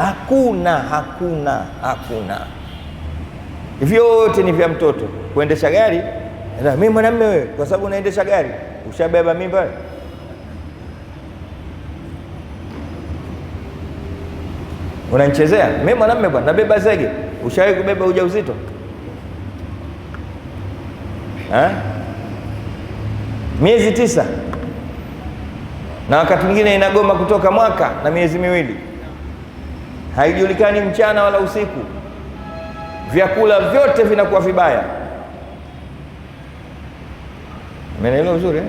Hakuna, hakuna, hakuna. Vyote ni vya mtoto. Kuendesha gari, mimi mwanamume, wewe kwa sababu unaendesha gari ushabeba mimba. Unanichezea mimi mwanamume bwana, nabeba zege. Ushawahi kubeba ujauzito ha? miezi tisa na wakati mwingine inagoma kutoka mwaka na miezi miwili haijulikani mchana wala usiku, vyakula vyote vinakuwa vibaya. Umeelewa vizuri eh?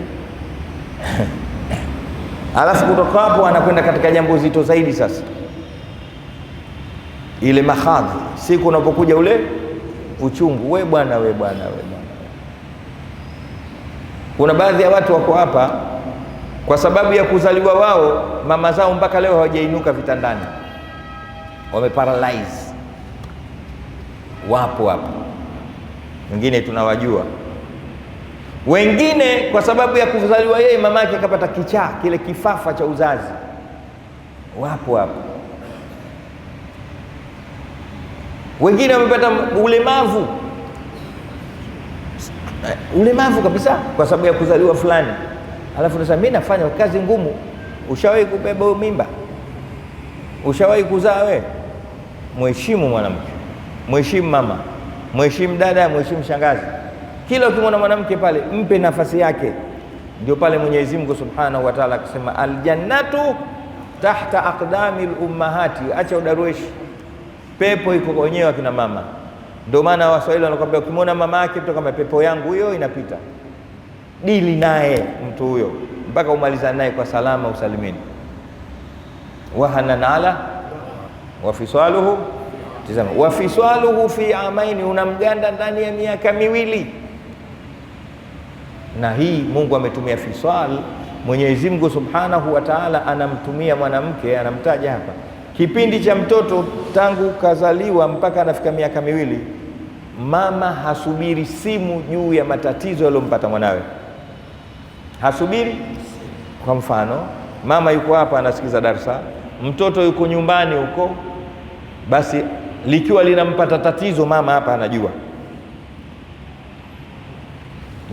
Alafu kutoka hapo anakwenda katika jambo zito zaidi. Sasa ile mahadhi, siku unapokuja ule uchungu, we bwana, we bwana, we bwana. Kuna baadhi ya watu wako hapa kwa sababu ya kuzaliwa wao, mama zao mpaka leo hawajainuka vitandani wameparalyze, wapo hapo, wengine tunawajua, wengine kwa sababu ya kuzaliwa yeye mamake akapata kichaa kile kifafa cha uzazi, wapo hapo, wengine wamepata ulemavu eh, ulemavu kabisa kwa sababu ya kuzaliwa fulani, alafu nasema mimi nafanya kazi ngumu. Ushawahi kubeba huyu mimba? Ushawahi kuzaa wewe? mheshimu mwanamke, mheshimu mama, mheshimu dada, mheshimu shangazi. Kila ukimwona mwanamke pale, mpe nafasi yake. Ndio pale Mwenyezi Mungu Subhanahu wa Ta'ala akisema aljannatu tahta aqdami lummahati, acha udarueshi pepo iko wenyewe akina mama. Ndio maana Waswahili wanakwambia ukimwona mama yake mtu kama pepo yangu hiyo inapita, dili naye mtu huyo mpaka umalizane naye kwa salama usalimini wahananala wafisaluhu tazama, wafisaluhu fi amaini, unamganda ndani ya miaka miwili. Na hii Mungu ametumia fisal. Mwenyezi Mungu Subhanahu wa Ta'ala anamtumia mwanamke, anamtaja hapa kipindi cha mtoto tangu kazaliwa mpaka anafika miaka miwili. Mama hasubiri simu juu ya matatizo yaliyompata mwanawe, hasubiri. Kwa mfano, mama yuko hapa anasikiza darsa, mtoto yuko nyumbani huko basi likiwa linampata tatizo mama hapa anajua,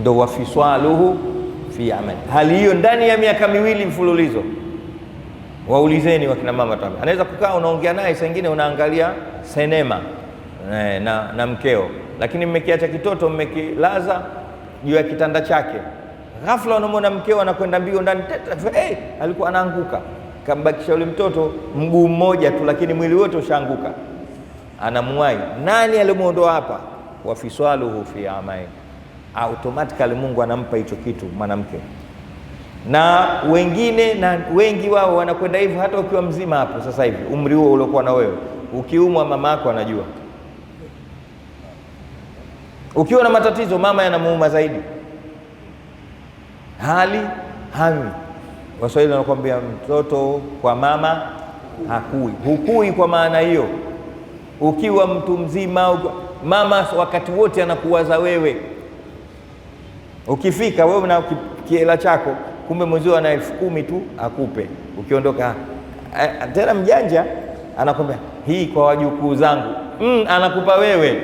ndo wafiswaluhu fi amali. Hali hiyo ndani ya miaka miwili mfululizo, waulizeni wakina mama tu. Anaweza kukaa unaongea naye, saa ingine unaangalia sinema na, eh, na, na mkeo, lakini mmekiacha kitoto mmekilaza juu ya kitanda chake, ghafla unamwona mkeo anakwenda mbio ndani, hey, eh, alikuwa anaanguka kambakisha yule mtoto mguu mmoja tu, lakini mwili wote ushaanguka, anamwai nani alimuondoa hapa? wafiswaluhu fi amai, automatically Mungu anampa hicho kitu mwanamke. Na wengine na wengi wao wanakwenda hivyo, hata ukiwa mzima hapo sasa hivi, umri huo uliokuwa na wewe, ukiumwa mama yako anajua, ukiwa na matatizo mama yanamuuma zaidi, hali hami Waswahili wanakuambia mtoto kwa mama hakui, hukui. Kwa maana hiyo, ukiwa mtu mzima mama wakati wote anakuwaza wewe. Ukifika wewe na kiela chako, kumbe mwenzio ana elfu kumi tu akupe. Ukiondoka ah, ah, tena mjanja anakwambia hii kwa wajukuu zangu, mm, anakupa wewe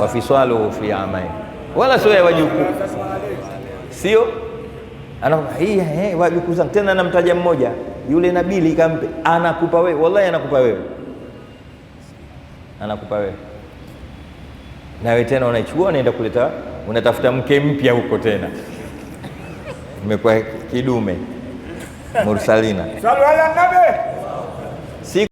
wafiswaluhu fi amain wala sio ya wajukuu, sio hii wajukuu zangu. Tena namtaja mmoja yule Nabili kampe, anakupa wewe, wallahi anakupa wewe, anakupa wewe, nawe tena unaichukua unaenda kuleta, unatafuta mke mpya huko tena, imekuwa kidume mursalina.